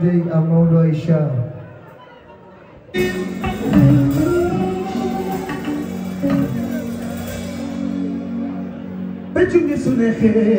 birthday à Maodo Aïcha. bëccëg su neexee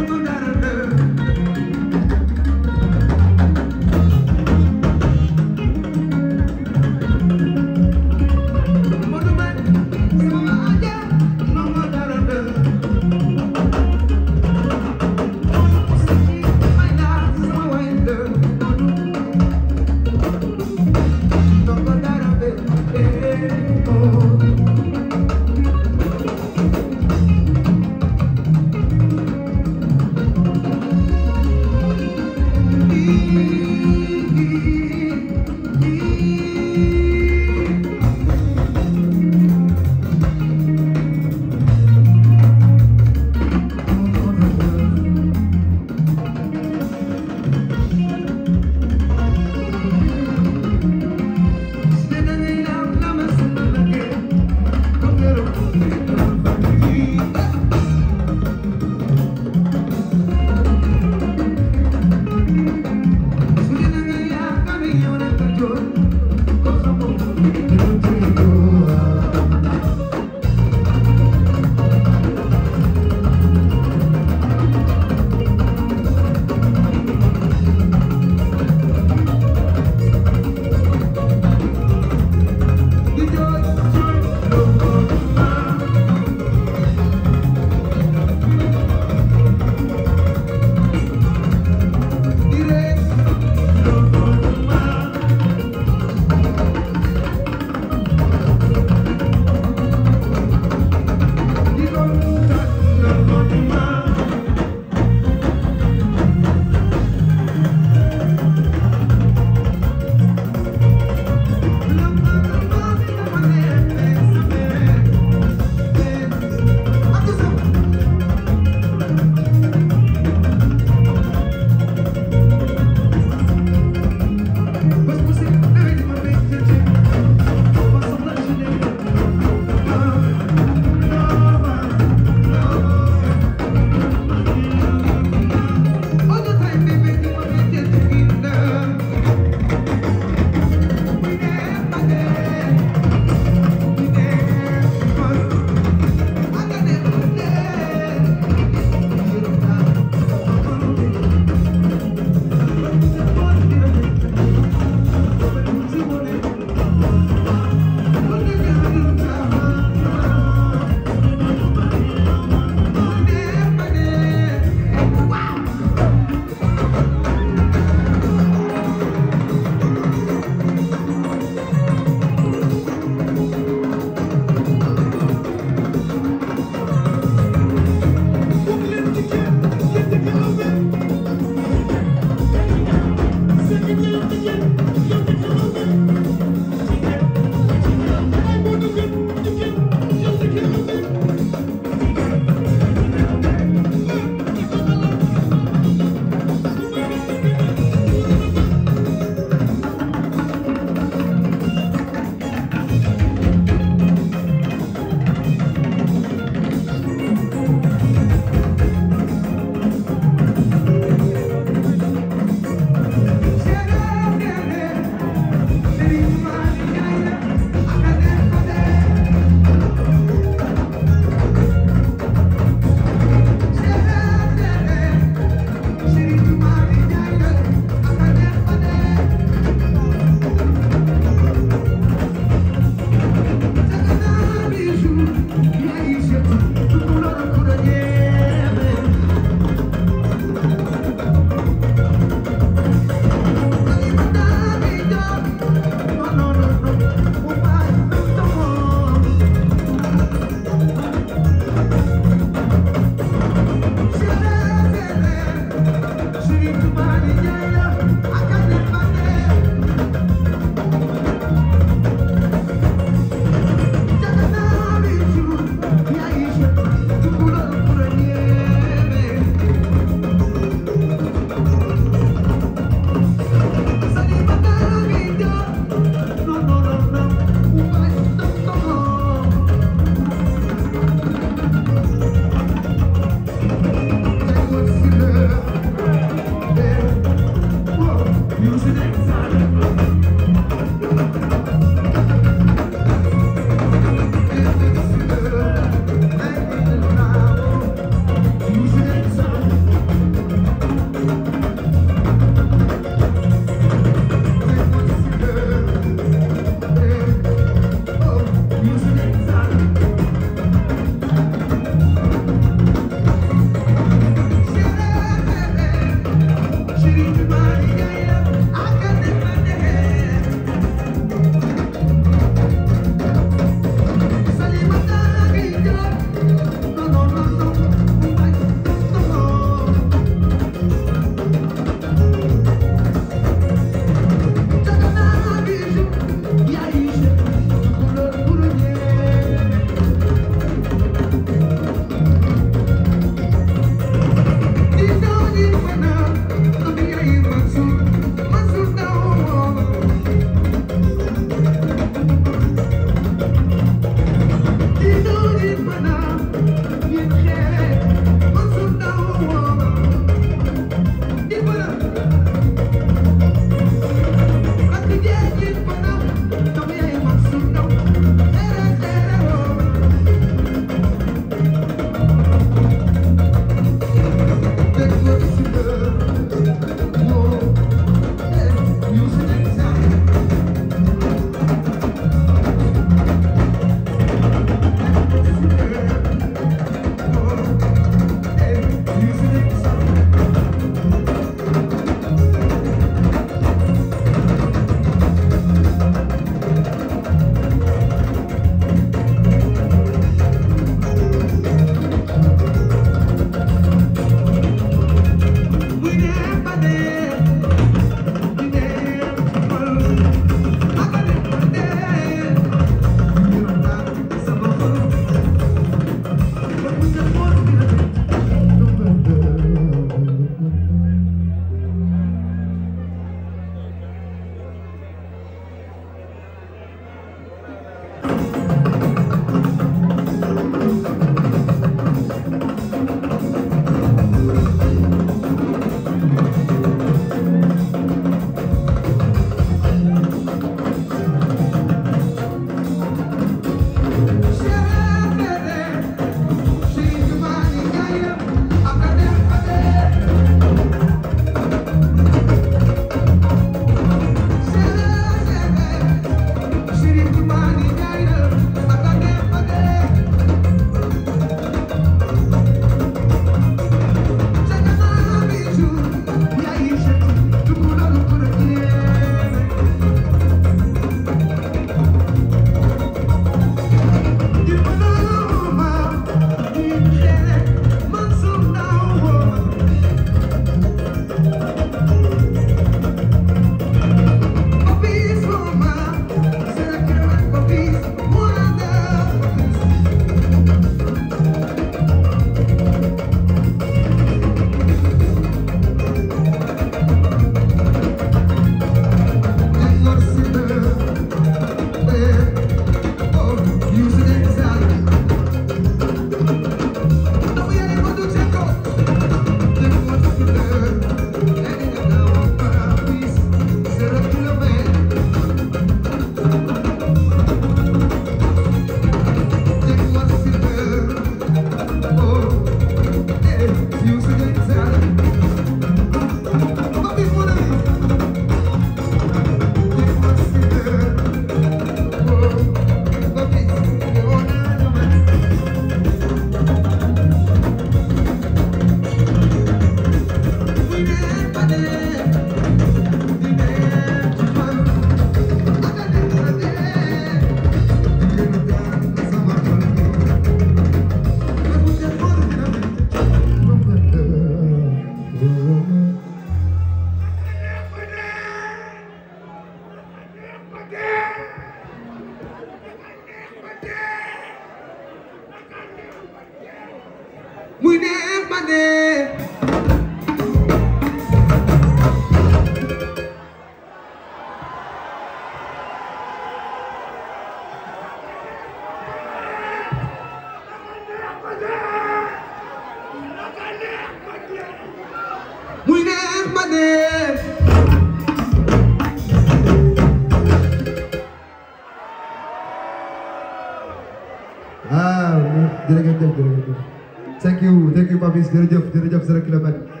jërëjëf jërëjëf Zero Kilomètre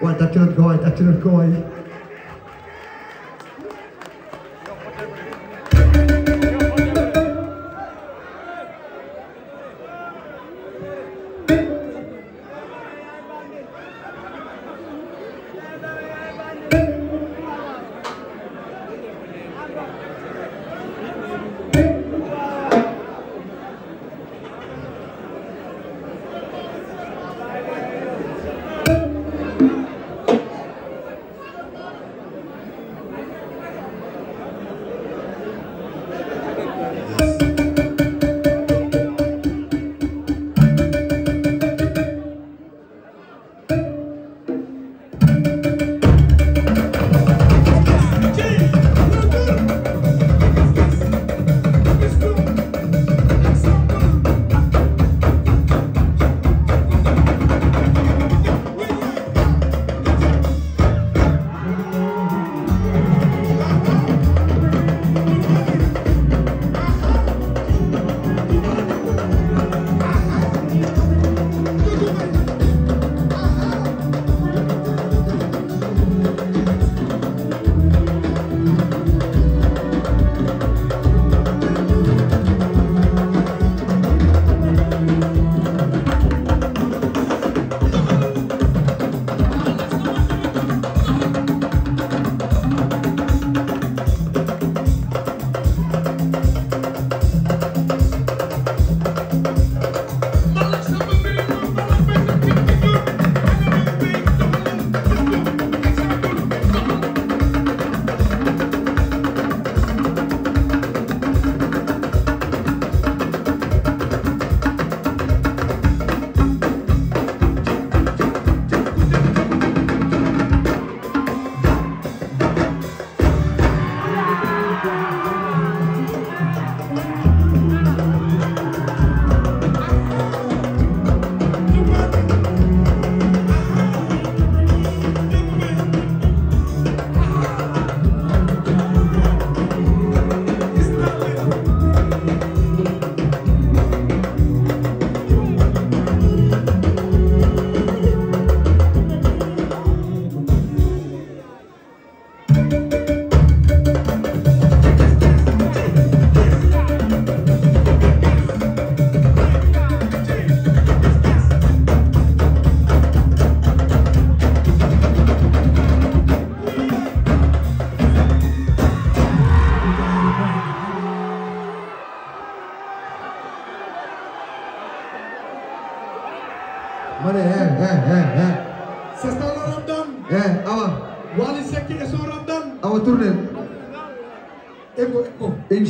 waay tàcc nañ ko waay tàcc nañ ko waay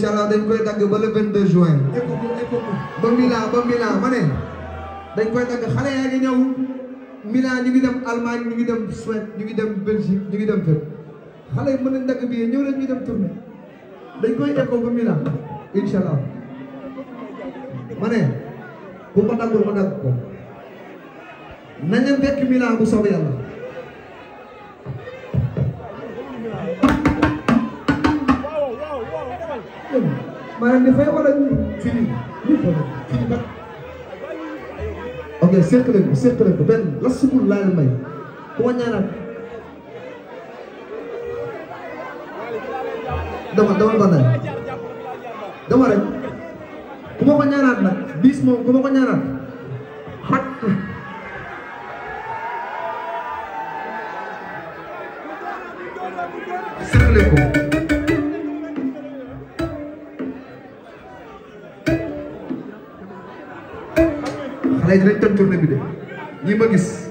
incha allah dañ koy dagg ba le ba Milan ba dañ koy dagg xale yaa ngi ñëw Milan ñu ngi dem Allemagne ñu ngi dem Suède ñu ngi dem Belgique ñu ngi dem fépp xale yi dagg bi ñëw leen ñu dem tournée dañ koy eco ba Milan incha allah bu ma daggul ma dagg ko nañ leen fekk bu soobee maanaam dafay wala fini fini ba ok seq leen ko seq leen ko benn la sukul laa la may ku ma dama dama bannaay dama rek ku ma ko ñaanaat ku ma ko ñaanaat xaj ko léegi dañ tëj tournée bi de ñi ma gis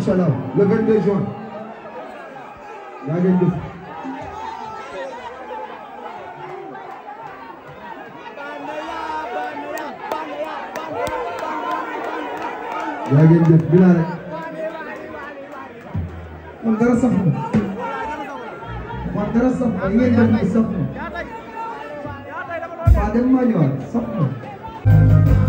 incha allah le 22 juin yaa ngeen def. yaa ngeen def bilaa rek. man dara saf na. man dara saf na ngeen def nii saf na. waaw dem maa ñëwaat saf na.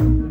Thank you.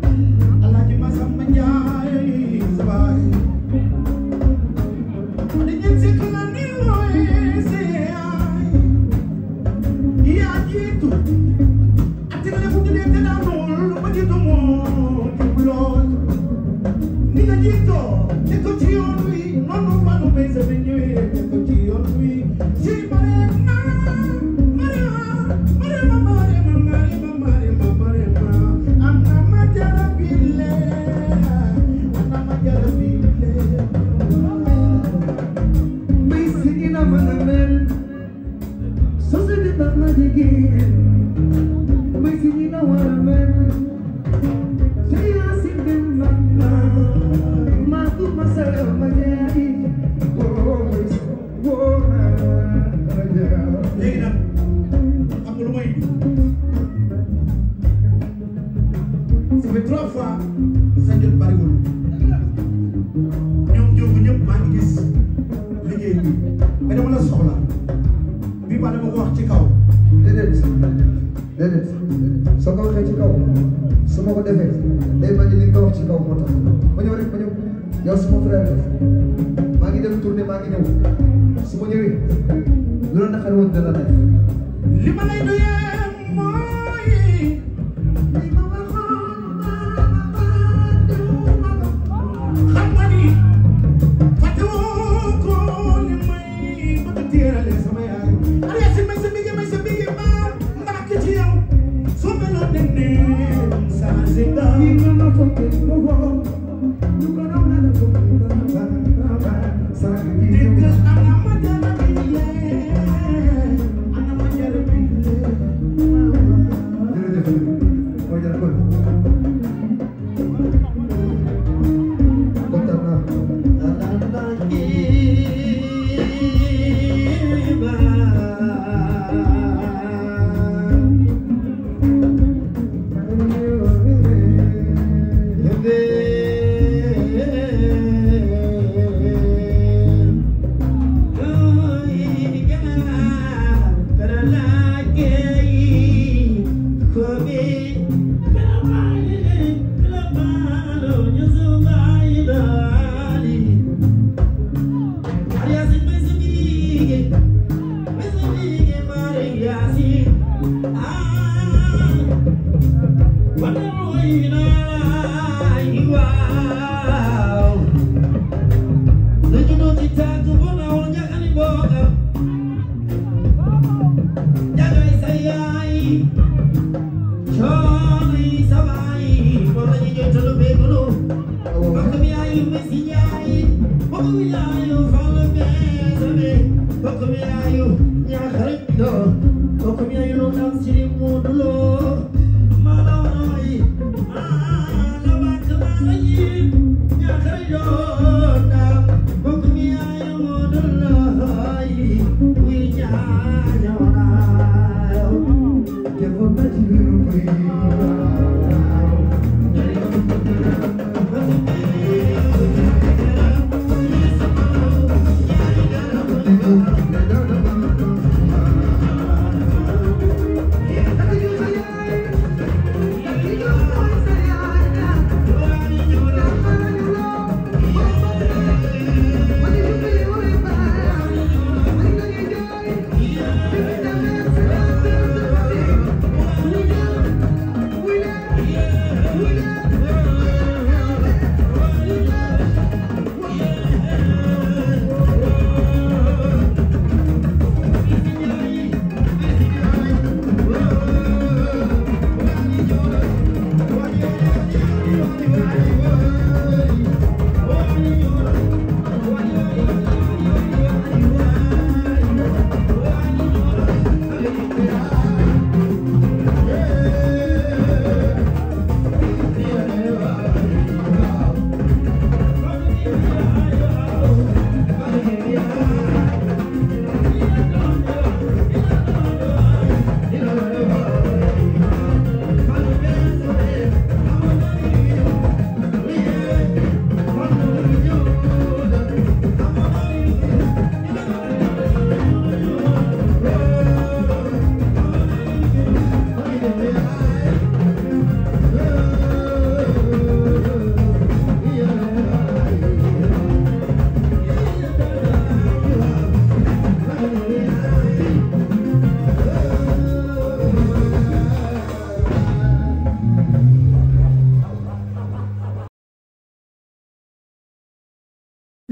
Cristo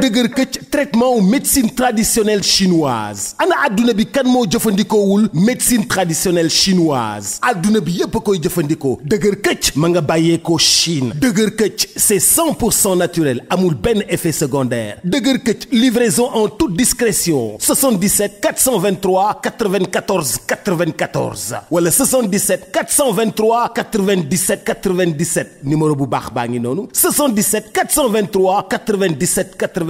dëgër këcc traitement wu médecine traditionnelle chinoise ana adduna bi kan moo jëfandikoowul médecine traditionnelle chinoise adduna bi yépp koy jëfandikoo dëgër këcc ma nga ko Chine dëgër këcc c'est cent pour cent naturel amul benn effet secondaire dëgër këcc livraison en toute discrétion 77 423 94 94 wala 77 423 97 97 numéro bu baax baa ngi noonu 77 423